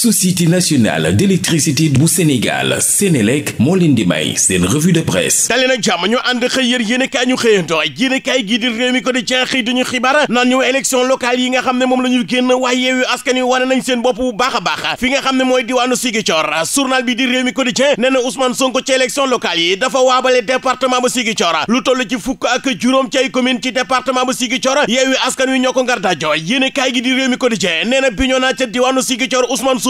société nationale d'électricité bu Sénégal Sénélec moo leen di may seen revue de presse dalee nag jàmm ñu ànd xëy yër yéenekaay ñu xëyantoo yéenekaay gii la ñu a baax fi nga xam gi di réew mi ko di cen nee na ca diwaanu Ziguinchor Ousmane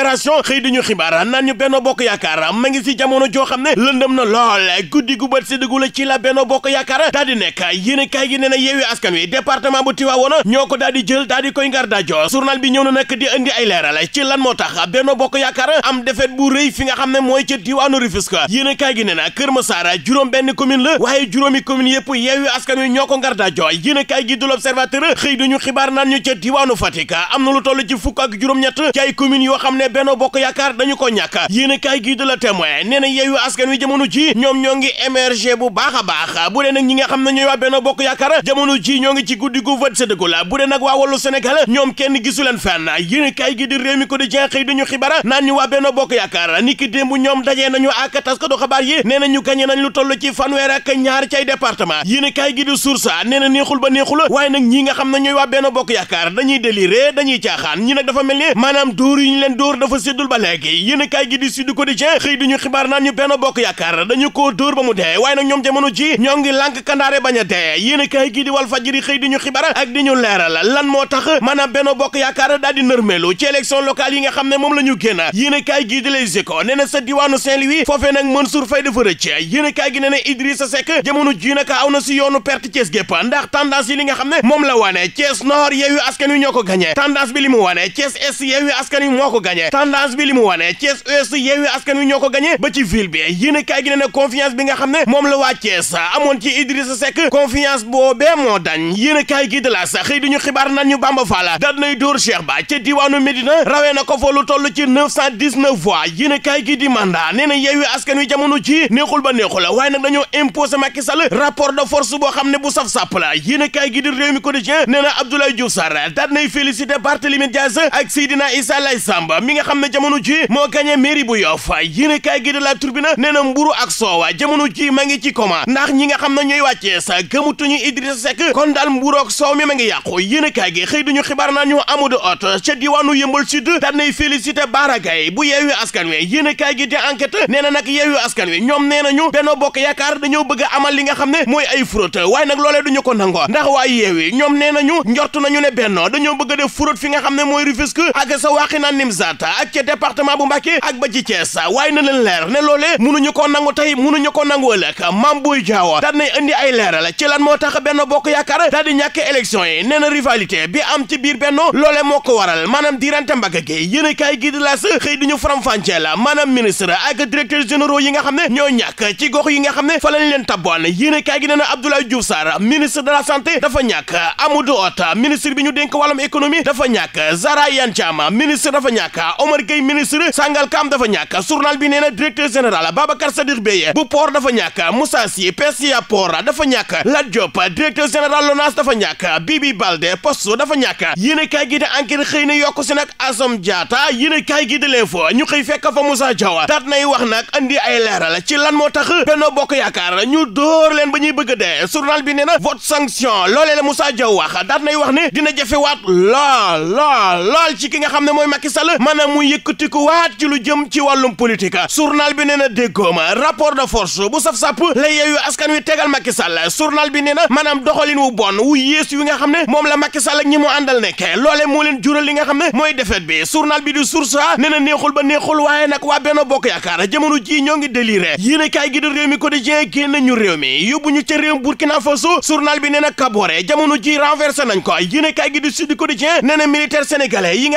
libération xëy di ñu a naan ñu benn bokk yaakaar ma ngi si jamono joo xam ne lëndëm na lool guddi gu si dugg ci la benn bokk yaakaar daal di nekk yéen gi nee na askan wi département bu Tivaouane ñoo ko daal jël daal koy ngar daajoo bi ñëw na nag di indi ay leeral ci lan moo tax benn bokk yaakaar am defet bu rëy fi nga xam ne mooy ca diwaanu Rufisque yéen gi nee na Kër Massar juróom benn commune la waaye juróomi commune yëpp Benno Bokk Yaakaar dañu ko ñàkk yéen a kaay gii de la témoin nee na askan wi jamono ji ñoom ñoo ngi émerger bu baax baax bu dee nag ñi nga xam ne ñooy waa Bokk Yaakaar jamono ji ñoo ngi ci guddi gu vët sa dëggu la bu dee nag waa Wallu Sénégal ñoom kenn gisu leen fenn yéen a kaay ñu waa na nañ lu toll ci fanweer ak ñaar cay département yéen gi di Source A nee ba neexul waaye nag ñi nga xam ne ñooy waa Benno Bokk Yaakaar dañuy déliré dañuy caaxaan ñi nag dafa mel ni maanaam dóor yi ñu leen dóor dafa séddul ba léegi yéen kaay gi di Sud Quotidien xëy di ñu xibaar naan ñu benn bokk yaakaar dañu ko dóor ba mu dee waaye nag ñoom jamono ji ñoo ngi lànk kandaare bañ a dee yéen kaay gi di Walf xëy di ñu xibaar ak di ñu leeral lan moo tax maanaam benn bokk yaakaar daal di nërmeelu ci élection locale yi nga xam ne moom la ñu génn yéen kaay gi di Les Échos nee na sa diwaanu Saint-Louis foofee nag Mansour Faye dafa rëcc yéen kaay gi nee na Idrissa Seck jamono si yoonu perte Thiès gépp ndax tendance yi li nga xam ne moom la wane Thiès Nord Yewwi Askan Wi ñoo ko gagné tendance bi li mu wane Thiès Est Yewwi Askan moo ko gagné tendance bi li mu wane Thiès Ouest Askan Wi ñoo ko gañe ba ci ville bi yéen a kaay gi ne ne bi nga xam ne moom la waa Thiès amoon ci Idrissa Seck confiance boobee moo dañ yéen a gi de xëy duñu xibaar nan Bamba Fall daal nay dóor Cheikh Ba ca diwaanu Médina rawee na ko fa lu toll ci 919 voix yéen a gi di mandat nee Askan Wi jamono ji neexul ba neexul waaye nag dañoo imposé Macky Sall rapport de boo xam ne bu saf nga xam ne jamono ji moo gagné mairie bu Yoff yéenekaay gi de La Tribune nee na mburu ak soowa jamono ji ma ngi ci coma ndax ñi nga xam ne ñooy wàccee sa gëmutuñu Idrissa Seck kon daal mburu ak soow mi ma yàqu yéenekaay gi xëy duñu xibaar naa ñu amudu ot ca diwaanu Yëmbal Sud daan nay félicité baaragay bu yeewu askan wi yéenekaay gi di enquête nee na nag yeewu askan wi ñoom nee nañu Benno Bokk Yaakaar dañoo bëgg amal li nga xam ne mooy ay fraude waaye nag loolee ak ca département bu Mbacké ak ba ci Thiès waaye na leen leer ne loolee munuñu ko nangu tey munuñu ko nangu ëllëg Mame Boye Diao daal nay indi ay leeral ci lan moo tax Benno Bokk Yaakaar daal di ñàkk élection yi nee na rivalité bi am ci biir Benno loolee moo ko waral maanaam diirante mbagg gi yéen a kaay gi di laas xëy ñu faram-fàccee la maanaam ministre ak directeur généraux yi nga xam ne ñoo ñàkk ci gox yi nga xam ne fa lañ leen tabboon yéen a kaay gi nee na Abdoulaye Diouf dafa ñàkk Amadou Hott ministre bi ñu dénk wàllum économie dafa ñàkk Zahra Iyane Thiam ministre dafa ñàkk candidat Omar Gueye ministre Sangalkam dafa ñàkk journal bi nee na directeur général Babacar Sadikh Beye bu port dafa ñàkk Moussa Sy PCA port dafa ñàkk Lat Diop directeur général LONASE dafa ñàkk Bibi Baldé poste dafa ñàkk yéen kaay gi de enquête xëy na yokk si nag Assome Diatta yéen kaay gi de l'info ñu xëy fekk fa Moussa Diaw daat nay wax nag andi ay leeral ci lan moo tax Benno Bokk Yaakaar ñu dóor leen ba ñuy bëgg dee journal bi nee na vote sanction la Moussa ki nga xam ne mooy Macky Sall wala mu yëkkatiku waat ci lu jëm ci wàllum politique journal bi nee na déggooma rapport de force bu saf sàpp la yeeyu askan wi tegal Macky Sall journal bi nee na maanaam wu bon wu yées wi nga xam ne moom la Macky Sall ak ñi mu àndal loole moo leen jural li nga xam ne mooy defet bi journal bi di source a nee neexul ba neexul waaye nag waa Benno Bokk Yaakaar jamono ji ñoo ngi déliré yéen a kaay gi di réew mi quotidien génn ñu réew yóbbu ñu ca réew Burkina nga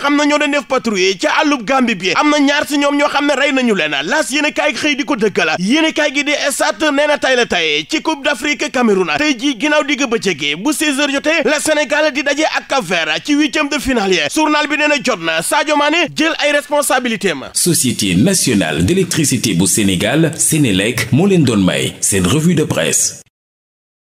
xam ne ñoo ca àllub Gàmbi bi am na ñaar si ñoom ñoo xam ne rey nañu leen laas yéen a kaay xëy di ko dëggala yéen a gi di esat nee na tay la tay ci coupe d'Afrique Cameroun tey jii ginnaaw digg bëccëg gi bu 16h jotee la Sénégal di daje ak Cap-Vert ci huitième de finale yi journal bi nee na jot na Sadio Mané jël ay responsabilité ma Société nationale d'électricité bu Sénégal Sénélec moo leen doon may seen revue de presse